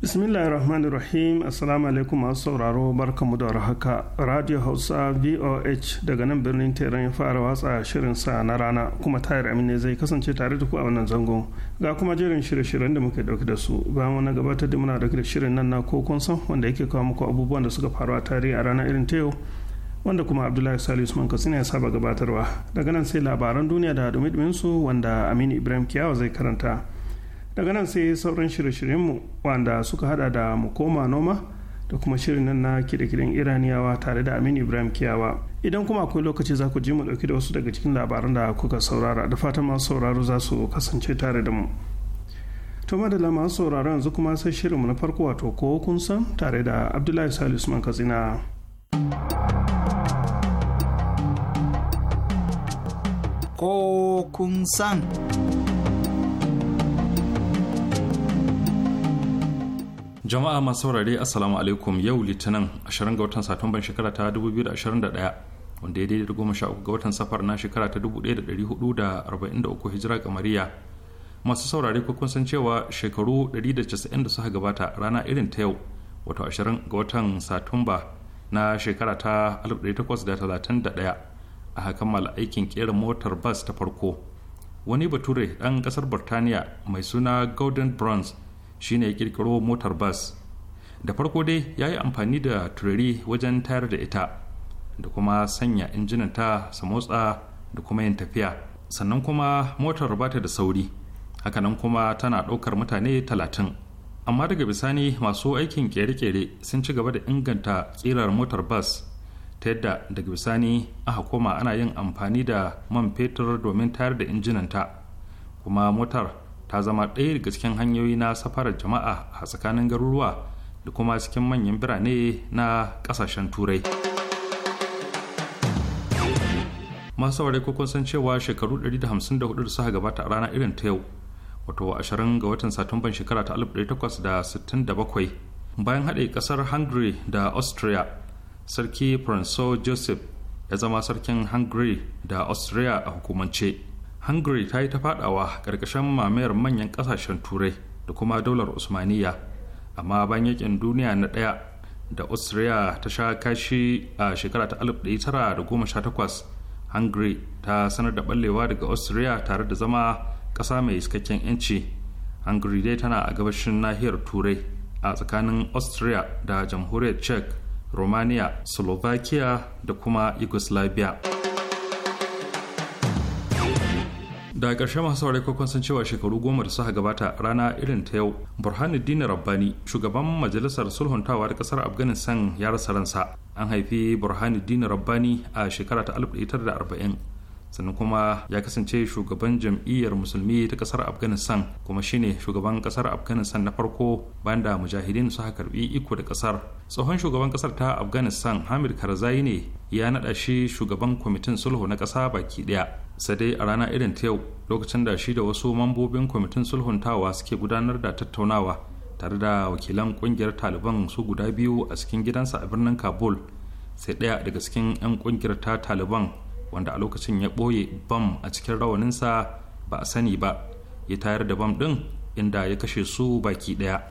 bismillahirrahmanirrahim assalamu alaikum masu sauraro barkamu da haka radio hausa voh daga nan birnin teran ya fara watsa shirin sa na rana kuma tayar amine zai kasance tare da ku a wannan zangon ga kuma jerin shirye-shiryen da muke dauke da su bayan wani gabatar da muna dauke da shirin nan na ko kun san wanda yake kawo muku abubuwan da suka faru a tarihi a ranar irin ta yau wanda kuma abdullahi salisu usman katsina ya saba gabatarwa daga nan sai labaran duniya da dumi su wanda aminu ibrahim kiyawa zai karanta daga nan sai sauran shirye-shiryenmu wanda suka hada da mu koma noma da kuma shirin nan na kide-kiden iraniyawa tare da aminu ibrahim kiyawa idan kuma akwai lokaci za ku ji mu dauki da wasu daga cikin labaran da kuka saurara da fatan masu sauraro za su kasance tare da mu to madalla masu sauraro yanzu kuma sai shirinmu na farko wato ko kun san tare da abdullahi salisu man katsina ko kun san jama'a masu saurare assalamu alaikum yau litinin 20 ga watan satumban shekara ta 2021 wanda ya daidai da goma sha uku ga watan safar na shekara ta 1443 hijira kamariya masu saurare kun san cewa shekaru 190 da suka gabata rana irin ta yau wato 20 ga watan satumba na shekara ta 1831 a kammala aikin kera motar bas ta farko wani bature ɗan ƙasar burtaniya mai suna golden bronze shine ya kirkiro motar bas da farko dai ya yi amfani da turare wajen tayar da ita da kuma sanya injinanta su motsa da kuma yin tafiya sannan kuma motar ba ta da sauri hakanan kuma tana ɗaukar mutane talatin amma daga bisani masu aikin kere-kere sun ci gaba da inganta tsirar motar bas ta yadda daga bisani aka koma ana yin amfani da man fetur domin tayar da injinanta kuma motar ta zama ɗaya daga cikin hanyoyi na safarar jama'a a tsakanin garuruwa da kuma cikin manyan birane na ƙasashen turai masu saurari ko san cewa shekaru 154 da suka gabata a rana irin ta yau wato 20 ga watan satumban shekara ta 1867 bayan haɗe ƙasar hungary da austria sarki francois joseph ya zama sarkin hungary da austria a hukumance hungary ta yi ta fadawa ƙarƙashin mamayar manyan ƙasashen turai da kuma daular usmaniya amma bayan yakin duniya na ɗaya da austria ta sha kashi a shekara ta 1918 hungary ta sanar da ɓallewa daga austria tare da zama ƙasa mai iskakken 'yanci hungary dai tana a gabashin nahiyar turai a tsakanin austria da jamhuriyar czech romania slovakia da kuma yugoslavia da ƙarshe masu saurari kwakwan sun cewa shekaru goma da suka gabata rana irin ta yau burhanuddin rabbani shugaban majalisar sulhuntawa da ƙasar afghanistan ya rasa ransa an haifi burhanuddin rabbani a shekara ta 1940 sannan kuma ya kasance shugaban jam'iyyar musulmi ta kasar afghanistan kuma shine shugaban kasar afghanistan na farko banda mujahidin suka karbi iko da kasar tsohon shugaban kasar ta afghanistan hamid karzai ne ya naɗa shi shugaban kwamitin sulhu na ƙasa baki ɗaya sai a rana irin ta yau lokacin da shi da wasu mambobin kwamitin sulhuntawa suke gudanar da tattaunawa tare da wakilan kungiyar taliban su guda biyu a cikin gidansa a birnin kabul sai ɗaya daga cikin 'yan kungiyar ta taliban wanda a lokacin ya ɓoye bam a cikin rawaninsa ba a sani ba ya tayar da bam ɗin inda ya kashe su baki ɗaya.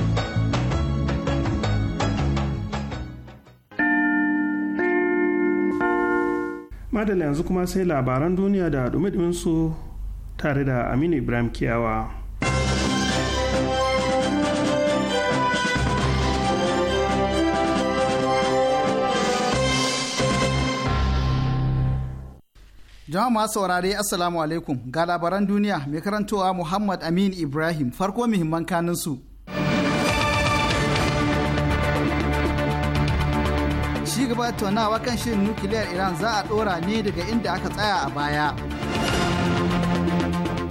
madalla yanzu kuma sai labaran duniya da dumi su tare da aminu ibrahim kiyawa jama'a masu saurare assalamu alaikum ga labaran duniya mai karantowa muhammad amin ibrahim farko muhimman kanin su gaba tunawa kan shirin nukiliyar Iran za a ɗora ne daga inda aka tsaya a baya.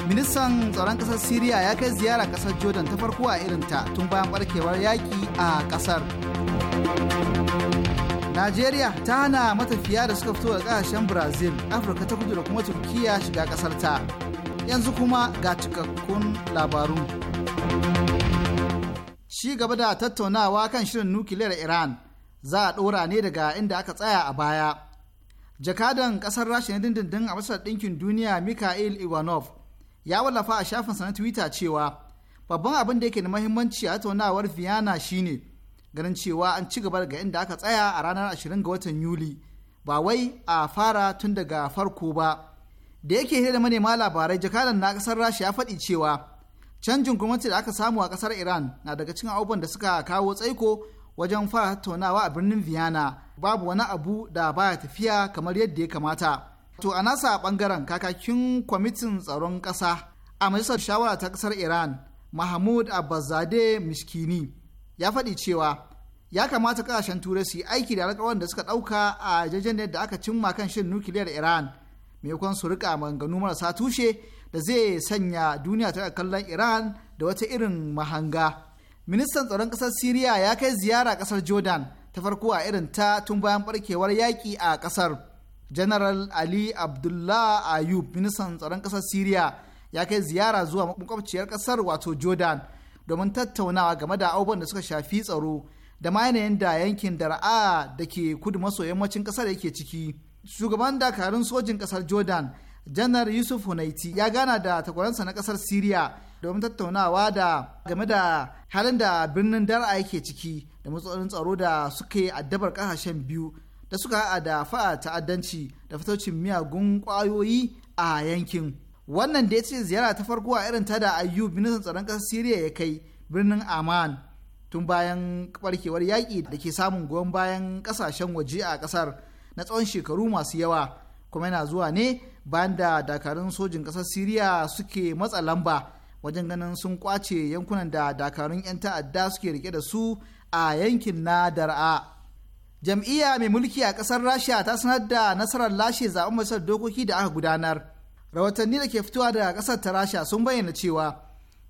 Ministan tsaron ƙasar Siriya ya kai ziyara ƙasar Jordan ta farko a ta, tun bayan barkewar yaƙi a ƙasar. Najeriya ta hana matafiya da suka fito da ƙasashen Brazil, Afirka ta kudu da kuma Turkiya shiga ƙasar ta. Yanzu kuma ga cikakkun labaru. Shi gaba da tattaunawa kan shirin nukiliyar Iran. za a ɗora ne daga inda aka tsaya a baya. Jakadan ƙasar Rasha na dindindin a Masar Ɗinkin Duniya Mikhail Ivanov ya wallafa a shafinsa na Twitter cewa babban abin da yake da mahimmanci a tattaunawar Vienna shine ganin cewa an ci gaba daga inda aka tsaya a ranar 20 ga watan Yuli ba wai a fara tun daga farko ba. Da yake hira da manema labarai jakadan na ƙasar Rasha ya faɗi cewa canjin gwamnati da aka samu a ƙasar Iran na daga cikin abubuwan da suka kawo tsaiko wajen fara tattaunawa a birnin Vienna babu wani abu da baya tafiya kamar yadda ya kamata. To a nasa bangaren kakakin kwamitin tsaron ƙasa a majalisar shawara ta ƙasar Iran Mahmud abazade Miskini ya faɗi cewa ya kamata ƙasashen turai su yi aiki da alƙawarin da suka ɗauka a jajen da aka cimma kan shin nukiliyar Iran maimakon su rika maganganu marasa tushe da zai sanya duniya ta kallon Iran da wata irin mahanga. ministan tsaron ƙasar siriya ya kai ziyara ƙasar jordan ta farko a irin ta tun bayan barkewar yaƙi a ƙasar general ali abdullah ayub ministan tsaron ƙasar siriya ya kai ziyara zuwa makwabciyar ƙasar wato jordan domin tattaunawa game da abubuwan da suka shafi tsaro da ma yanayin da yankin dara'a da ke kudu maso yammacin ƙasar yake ciki shugaban dakarun sojin ƙasar jordan janar yusuf hunaiti ya gana da takwaransa na kasar siriya domin tattaunawa da game da halin da birnin dar'a yake ciki da matsalolin tsaro da suke addabar kasashen biyu da suka haɗa da fa'a ta'addanci da fitocin miyagun ƙwayoyi a yankin wannan da ya ce ziyara ta farko a irin ta da ayu ministan tsaron kasar siriya ya kai birnin aman tun bayan barkewar yaƙi da ke samun goyon bayan kasashen waje a kasar na tsawon shekaru masu yawa kuma yana zuwa ne bayan da dakarun sojin ƙasar siriya suke matsa lamba wajen ganin sun kwace yankunan da dakarun 'yan ta'adda suke rike da su a yankin na dar'a jam'iyya mai mulki a ƙasar rasha ta sanar da nasarar lashe zaben majalisar dokoki da aka gudanar rahotanni da ke fitowa daga ƙasar ta rasha sun bayyana cewa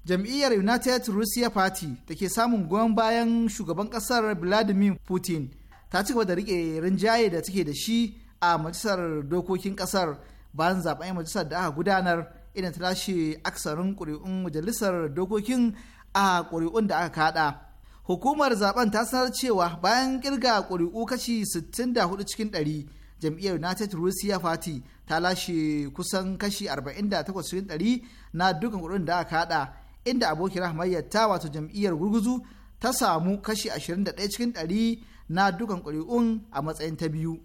jam'iyyar united russia party da ke samun goyon bayan shugaban ƙasar vladimir putin ta ci gaba da rike rinjaye da take da shi a majalisar dokokin ƙasar bayan zaben 'yan majalisar da aka gudanar idan ta lashe aksarin ƙuri'un majalisar dokokin a ƙuri'un da aka kada hukumar zaben ta sanar cewa bayan kirga ƙuri'u kashi 64 cikin 100 jam'iyyar united russia party ta lashe kusan kashi 48 cikin 100 na dukkan ƙuri'un da aka kada inda abokin hamayyar ta wato jam'iyyar gurguzu ta samu kashi 21 cikin 100 na dukkan ƙuri'un a matsayin ta biyu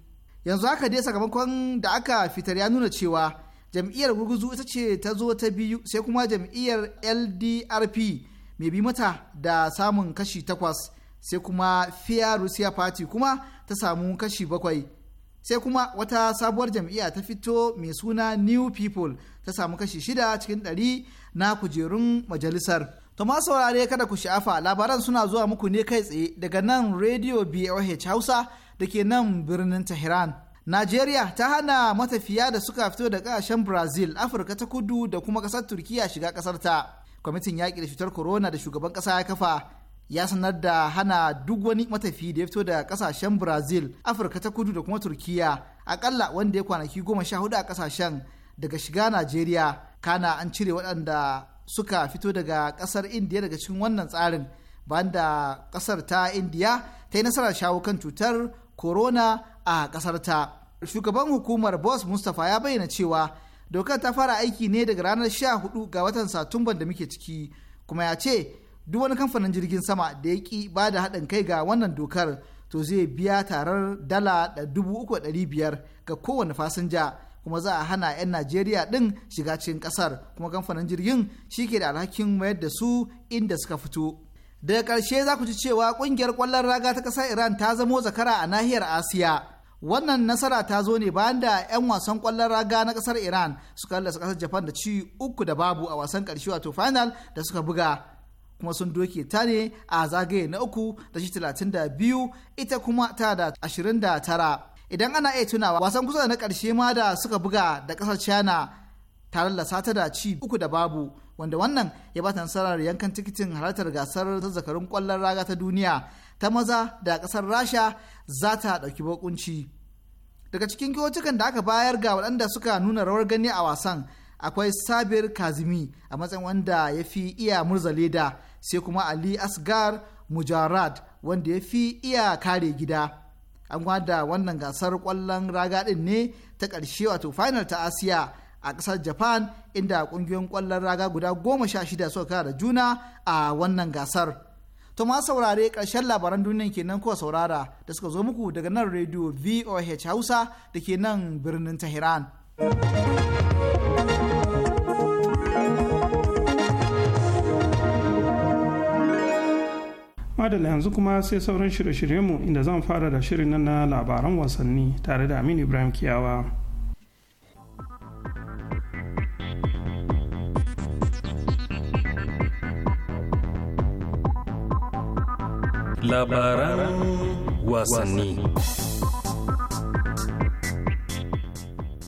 yanzu haka dai sakamakon da aka fitar ya nuna cewa jam'iyyar gurguzu ita ce ta zo ta biyu sai kuma jam'iyyar ldrp mai bi mata da samun kashi takwas sai kuma fiya russia party kuma ta samu kashi bakwai sai kuma wata sabuwar jam'iyya ta fito mai suna new people ta samu kashi shida cikin ɗari na kujerun majalisar to ma saurare kada ku sha'afa labaran suna zuwa muku ne kai tsaye daga nan radio boh hausa da ke nan birnin Tehran. Najeriya ta hana matafiya da suka fito da kasashen Brazil, Afirka ta kudu da kuma kasar Turkiya shiga ƙasar ta. Kwamitin yaƙi da cutar corona da shugaban ƙasa ya kafa ya sanar da hana duk wani matafi da ya fito da kasashen Brazil, Afirka ta kudu da kuma Turkiya, aƙalla wanda ya kwanaki goma sha hudu a kasashen daga shiga Najeriya. Kana an cire waɗanda suka fito daga ƙasar Indiya daga cikin wannan tsarin, bayan da ƙasar ta Indiya ta yi nasarar shawo kan cutar corona a ƙasar ta. Shugaban hukumar Boss Mustapha ya bayyana cewa dokar ta fara aiki ne daga ranar 14 ga watan Satumban da muke ciki kuma ya ce duk wani kamfanin jirgin sama da ya ki ba da haɗin kai ga wannan dokar to zai biya tarar dala da dubu uku ɗari biyar ga kowane fasinja kuma za a hana 'yan najeriya ɗin shiga cikin ƙasar kuma kamfanin jirgin shi ke da alhakin mayar da su inda suka fito daga ƙarshe za ku ji cewa ƙungiyar ƙwallon raga ta ƙasar iran ta zamo zakara a nahiyar asiya wannan nasara ta zo ne bayan da 'yan wasan ƙwallon raga na ƙasar iran suka lalata ƙasar japan da ci uku da babu a wasan ƙarshe wato final da suka buga kuma sun doke ta ne a zagaye na uku da shi talatin da biyu ita kuma ta da ashirin da tara idan ana iya tunawa wasan kusa da na ƙarshe ma da suka buga da ƙasar china tare da sata da ci uku da babu wanda wannan ya bata nasarar yankan tikitin halartar gasar zakarun kwallon raga ta duniya ta maza da kasar rasha za ta ɗauki bakunci daga cikin kyautukan da aka bayar ga waɗanda suka nuna rawar gani a wasan akwai sabir kazimi a matsayin wanda ya fi iya murza leda sai kuma ali asgar mujarad wanda ya fi iya kare gida an gwada wannan gasar kwallon raga ɗin ne ta ƙarshe wato final ta asiya a ƙasar japan inda ƙungiyoyin kwallon raga guda goma sha shida suka kara da juna a wannan gasar to ma saurare ƙarshen labaran duniyan kenan kuwa saurara da suka zo muku daga nan rediyo voh hausa da ke nan birnin tehran madalla yanzu kuma sai sauran shirye-shiryenmu inda zan fara da shirin nan na labaran wasanni tare da aminu ibrahim kiyawa labaran wasanni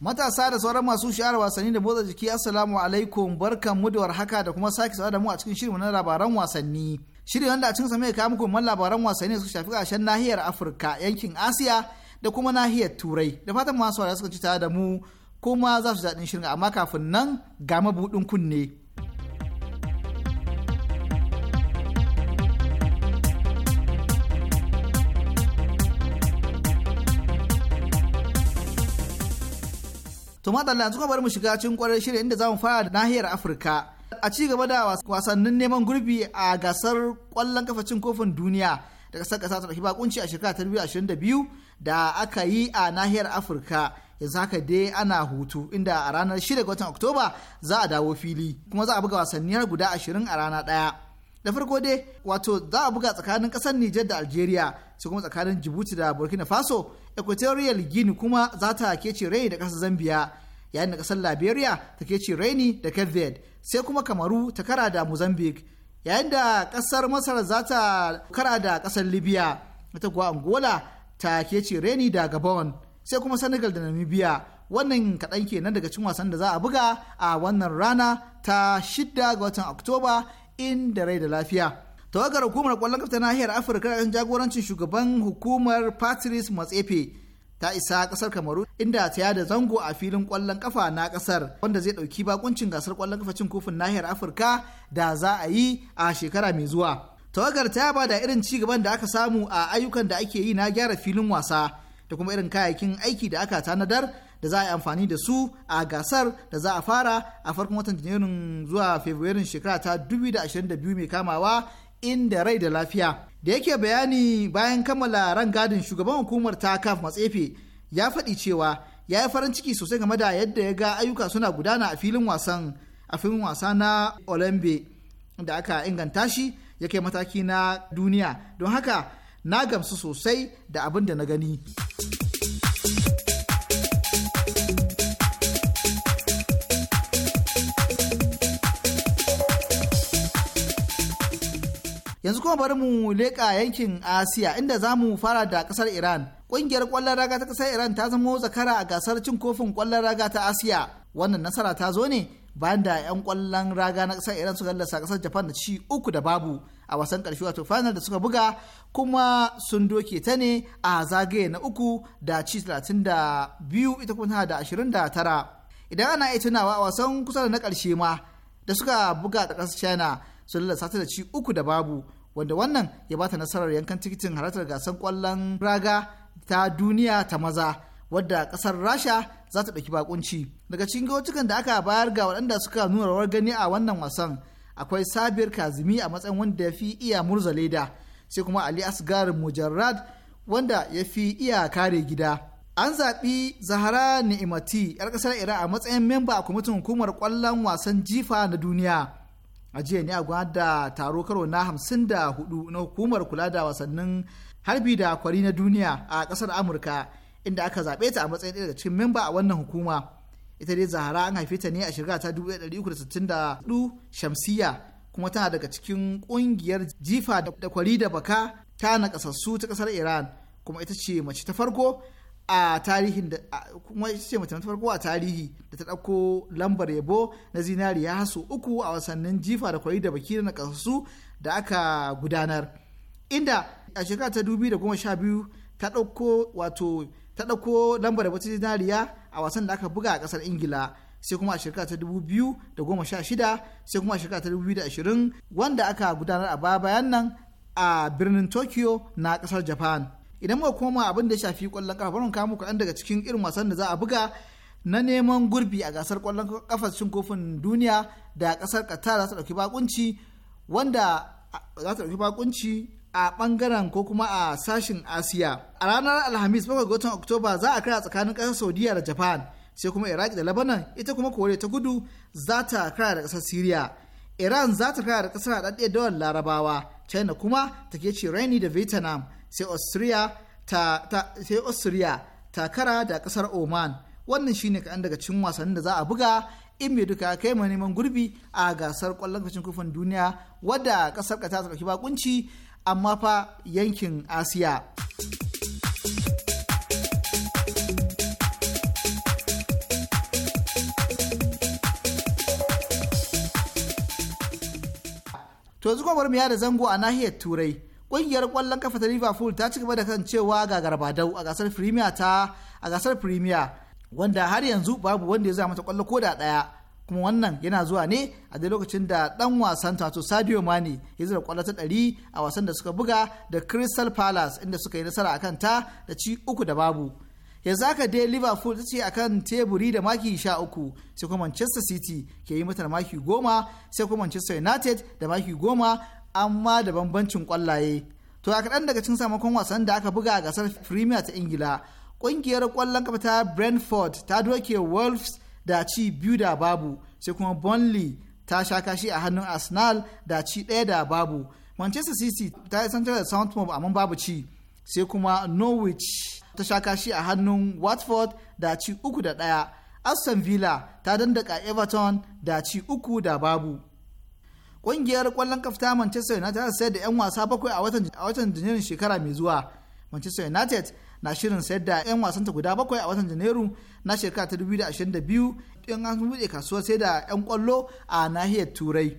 matasa da sauran masu shi'ar wasanni da motsa jiki assalamu alaikum barkan mu haka warhaka da kuma sake da mu a cikin shirin na labaran wasanni shirin wanda a cikin sa mai kawo muku man labaran wasanni suka shafi kashen nahiyar afirka yankin asiya da kuma nahiyar turai da fatan masu wariya suka ci tare da mu kuma za su daɗin shirin amma kafin nan ga mabuɗin kunne. To madalla yanzu kuma bari mu shiga cikin kwarar shirin inda zamu fara da nahiyar Afirka. A ci gaba da wasannin neman gurbi a gasar kwallon kafa cin kofin duniya da kasar kasa ta bakunci a shekara ta 2022 da aka yi a nahiyar Afirka. Yanzu haka dai ana hutu inda a ranar 6 ga watan Oktoba za a dawo fili kuma za a buga wasannin guda 20 a rana daya Da farko dai wato za a buga tsakanin kasar Nijar da Algeria sai kuma tsakanin Djibouti da Burkina Faso equatorial guinea kuma za ta kece rai da ƙasar zambia yayin da ƙasar liberia ta kece rai da cape sai kuma kamaru ta kara da mozambique yayin da kasar masar za ta kara da ƙasar libya ta kuwa angola ta kece rai da gabon sai kuma senegal da namibia wannan kaɗan nan daga cikin wasan da za a buga a wannan rana ta shidda ga watan oktoba in da rai da lafiya tawagar hukumar kwallon kafta nahiyar afirka da jagorancin shugaban hukumar patrice matsefe ta isa kasar kamaru inda ta yada zango a filin kwallon kafa na kasar wanda zai ɗauki bakuncin gasar kwallon kafa cin kofin nahiyar afirka da za a yi a shekara mai zuwa tawagar ta ba da irin ci gaban da aka samu a ayyukan da ake yi na gyara filin wasa da kuma irin kayayyakin aiki da aka tanadar da za a yi amfani da su a gasar da za a fara a farkon watan janairun zuwa fabrairun shekara ta 2022 mai kamawa in da rai da lafiya da yake bayani bayan kammala ran gadin shugaban hukumar ta kaf matsefe ya faɗi cewa ya yi farin ciki sosai game da yadda ya ga ayyuka suna gudana a filin wasan a filin wasa na olambe da aka inganta shi ya kai mataki na duniya don haka na gamsu sosai da abin da na gani. yanzu kuma bari mu leƙa yankin asiya inda za mu fara da ƙasar iran ƙungiyar ƙwallon raga ta ƙasar iran ta zama zakara a gasar cin kofin ƙwallon raga ta asiya wannan nasara ta zo ne bayan da 'yan ƙwallon raga na ƙasar iran suka lallasa ƙasar japan da ci uku da babu a wasan ƙarshe wato final da suka buga kuma sun doke ta ne a zagaye na uku da ci 32 ita kuma da 29 idan ana iya tunawa a wasan kusa da na ƙarshe ma da suka buga da ƙasar china sun lalasa ta da ci uku da babu wanda wannan ya ba ta nasarar yankan tikitin halartar gasar kwallon raga ta duniya ta maza wadda kasar rasha za ta ɗauki bakunci daga cikin gautukan da aka bayar ga waɗanda suka nuna rawar gani a wannan wasan akwai sabir kazimi a matsayin wanda ya fi iya murza leda sai kuma ali asgar mujarrad wanda ya fi iya kare gida an zaɓi zahara ni'imati 'yar ƙasar iran a matsayin memba a kwamitin hukumar ƙwallon wasan jifa na duniya a jiya ne a gwada taro karo na hamsin da hudu na hukumar kula da wasannin harbi da kwari na duniya a kasar amurka inda aka zaɓe ta a matsayin ɗaya daga cikin memba a wannan hukuma ita dai zahara an haife ta ne a shirga ta hudu shamsiya kuma tana daga cikin ƙungiyar jifa da kwari da baka ta nakasassu ta ƙasar iran kuma ita ce mace ta farko a tarihin da kuma ce mace ta farko a tarihi da ta ɗauko lambar yabo na zinariya haso uku a wasannin jifa da kwari da baki na kasu da aka gudanar inda a shekara ta dubi da goma sha biyu ta ɗauko wato ta ɗauko lambar yabo ta zinariya a wasan da aka buga a ƙasar ingila sai kuma a shekara ta dubu biyu da goma sha shida sai kuma a shekara ta dubu biyu da ashirin wanda aka gudanar a baya bayan nan a birnin tokyo na ƙasar japan idan muka koma abin da ya shafi kwallon kafa barin kawo kaɗan daga cikin irin wasan da za a buga na neman gurbi a gasar kwallon kafa cin kofin duniya da kasar Qatar za ta dauki bakunci wanda za ta dauki bakunci a bangaren ko kuma a sashin Asiya a ranar Alhamis bakwai ga watan Oktoba za a kara tsakanin kasar Saudiya da Japan sai kuma Iraq da Lebanon ita kuma kore ta gudu za ta kara da kasar Syria Iran za ta kara da kasar haɗaɗɗiyar dawar Larabawa China kuma take ce Raini da Vietnam sai austria ta, da kasar oman wannan shine kaɗan daga cikin wasannin da za a buga in bai duka kai ma neman gurbi a gasar ƙwallon kashin kofin duniya wadda kasar ka ta ɗauki bakunci amma fa yankin asiya to zuwa bar ya da zango a nahiyar turai kungiyar kwallon kafa ta Liverpool ta ci gaba da kasancewa ga garbadau a gasar Premier ta a gasar Premier wanda har yanzu babu wanda ya zama mata kwallo ko da ɗaya. kuma wannan yana zuwa ne a dai lokacin da dan wasan tato Sadio Mane ya zira kwallo ta ɗari a wasan da suka buga da Crystal Palace inda suka yi nasara akan ta da ci uku da babu. Yanzu zaka dai Liverpool ta ce akan teburi da maki sha uku sai kuma Manchester City ke yi mata da maki goma sai kuma Manchester United da maki goma amma da bambancin kwallaye to a kaɗan daga cin samakon wasan da aka buga a gasar premier ta ingila ƙungiyar kwallon kafa ta brentford ta doke wolves da ci biyu da babu sai kuma burnley ta sha kashi a hannun arsenal da ci ɗaya da babu manchester city ta yi da soundmob amma babu ci sai kuma norwich ta sha kashi a hannun watford da ci uku da ɗaya aston villa ta dandaka everton da ci uku da babu Ƙungiyar kwallon kafta Manchester United ta sayar da 'yan wasa bakwai a watan a watan Janairu shekara mai zuwa. Manchester United na shirin sayar da 'yan wasanta guda bakwai a watan Janairu na shekara ta 2022 in an buɗe kasuwar sai da 'yan ƙwallo a nahiyar Turai.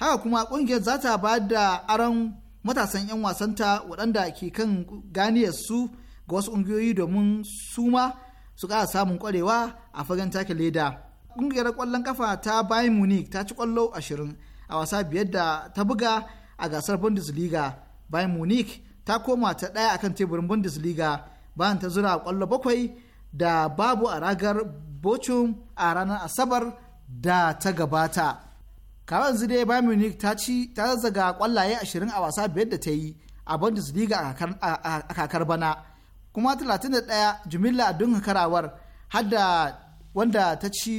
Haka kuma ƙungiyar za ta ba da aron matasan 'yan wasan ta waɗanda ke kan ganiyar su ga wasu ƙungiyoyi domin su ma su ƙara samun ƙwarewa a fagen take leda. Ƙungiyar ƙwallon kafa ta Bayern Munich ta ci ƙwallo ashirin a wasa biyar da ta buga a gasar bundesliga bayan munich ta koma ta ɗaya akan teburin bundesliga bayan ta zura kwallo bakwai da babu a ragar bochum a ranar asabar da ta gabata kawai zide bayan munich ta ci ta zaga kwallaye ashirin a wasa biyar da ta yi a bundesliga a kakar bana kuma 31 jimilla a dunga karawar hadda wanda ta ci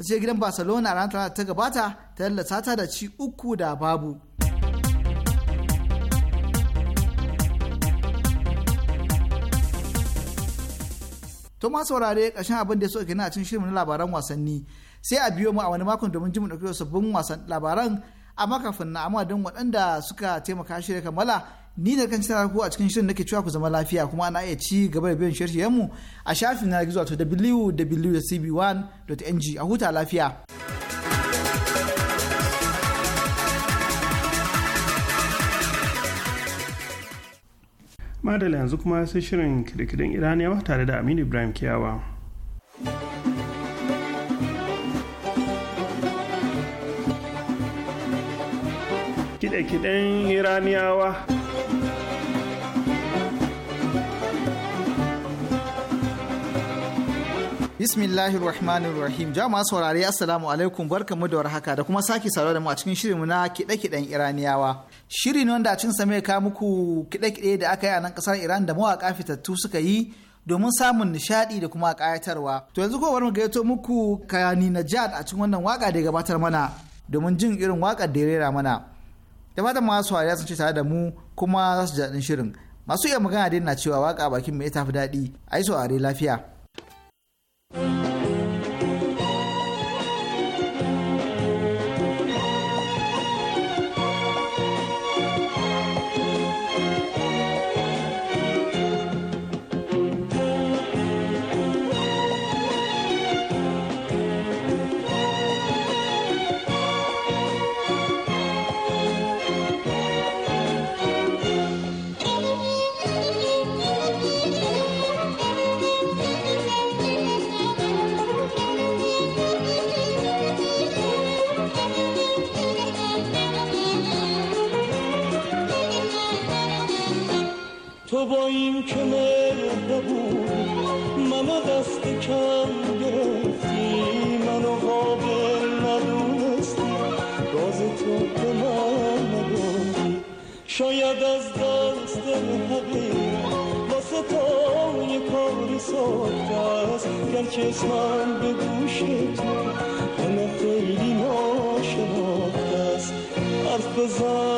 da ce gidan barcelona a ranar ta gabata ta lalata ta da ci uku da babu to ma saurare ƙarshen abin da ya so kenan a cin shirin labaran wasanni sai a biyo mu a wani makon domin jin mu ɗauki sabbin wasan labaran a kafin na amma don waɗanda suka taimaka shirya kammala ni da kan tara ku a cikin shirin nake cewa ku zama lafiya kuma ana iya ci gaba da biyan shirye mu a shafin na gizo wato www.cb1.ng a huta lafiya. Madala yanzu kuma sai shirin kidikidin Iraniyawa tare da Aminu Ibrahim Kiyawa. Kide-kiden Iraniyawa. Bismillahir Rahmanir Rahim. Jama'a saurare Assalamu alaikum mu da warhaka da kuma sake saurare da mu a cikin shirinmu na kiɗe-kiɗen Iraniyawa. Shiri ne wanda a cikin mai ka muku kiɗe-kiɗe da aka yi a nan ƙasar Iran da mawaƙa fitattu suka yi domin samun nishaɗi da kuma kayatarwa. To yanzu kuma bari mu gayyato muku Kayani Najat a cikin wannan waka da ya gabatar mana domin jin irin waƙar da ya rera mana. Da fatan masu saurare sun ce tare da mu kuma za su ji daɗin shirin. Masu iya magana da na cewa waka bakin mai tafi daɗi. yi saurare lafiya. Thank mm. you. اگر چشمان به گوش تو همه خیلی ناشناخته است حرف بزن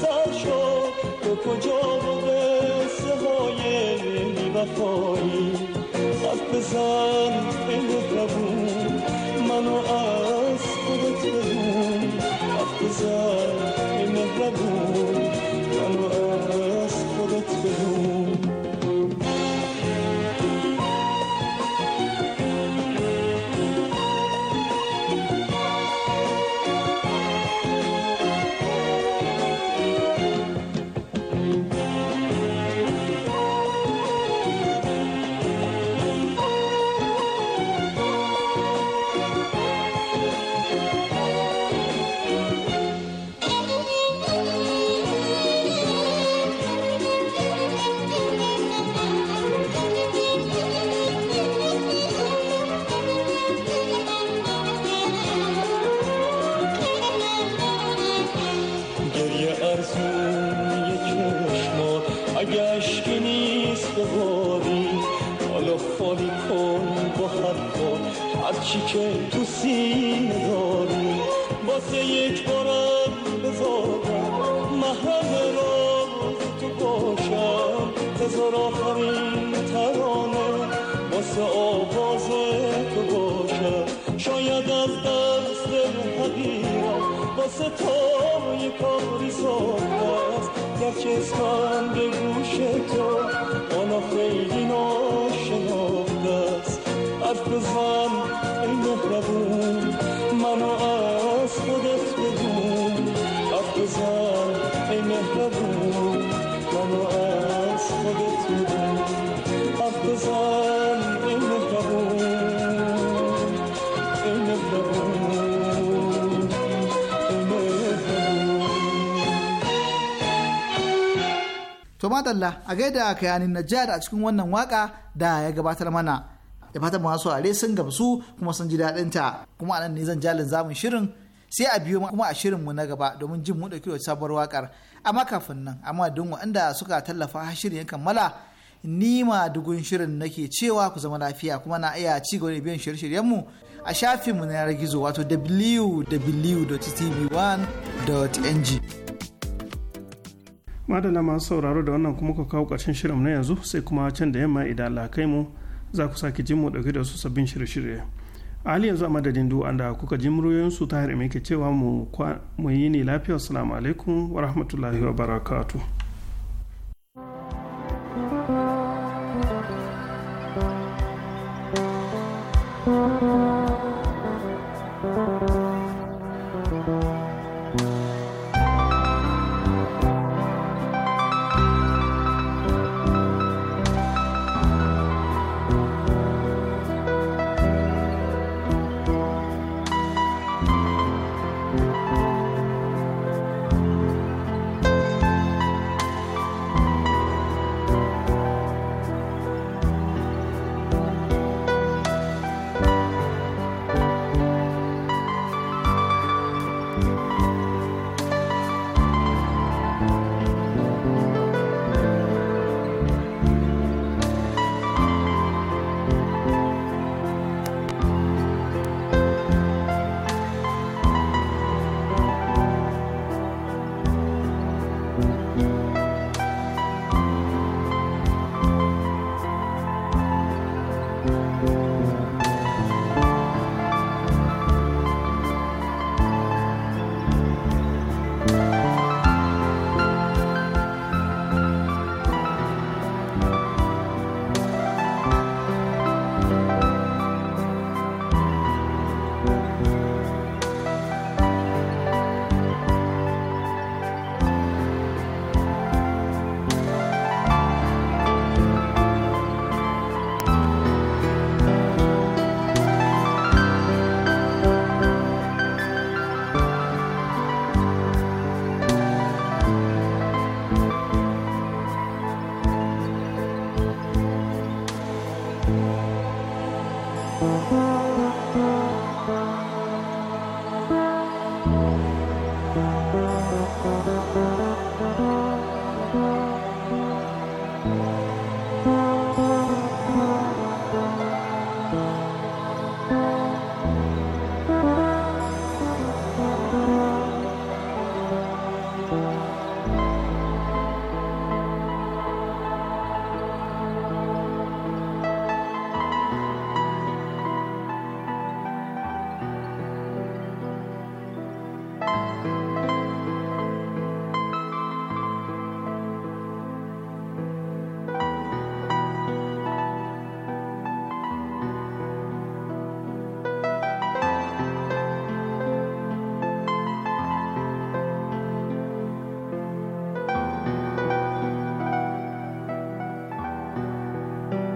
سر شد تو کجا و قصه های وفایی حرف بزن این قبول منو از خودت بگون حرف بزن این قبول آتشی که تو سین داری واسه یک بارم بذارم محرم را تو باشم تزار آخرین ترانه واسه آواز تو باشم شاید از دست حقیرم واسه تو یه کاری ساخته است گرچه اسمم به گوش تو آنا خیلی ناشناخته است حرف بزن To madalla a gaida kayanin Najjar a cikin wannan waka da ya gabatar mana. da fatan masu are sun gamsu kuma sun ji daɗin ta kuma anan ne zan jalin zamun shirin sai a biyo kuma a shirin mu na gaba domin jin mu dauki sabuwar wakar amma kafin nan amma don waɗanda suka tallafa shirin yakan mala ni ma dugun shirin nake cewa ku zama lafiya kuma na iya ci gaba da biyan shirye mu a shafinmu na yanar gizo wato www.tv1.ng madana masu sauraro da wannan kuma ka kawo ƙarshen shirin na yanzu sai kuma can da yamma idan Allah kai mu za ku sake jin mu dauke da su sabbin shirye-shirye ali yanzu a madadin duwa da kuka ji muryoyinsu ta harime ke cewa mu yi ne lafiya assalamu alaikum wa rahmatullahi wa barakatuh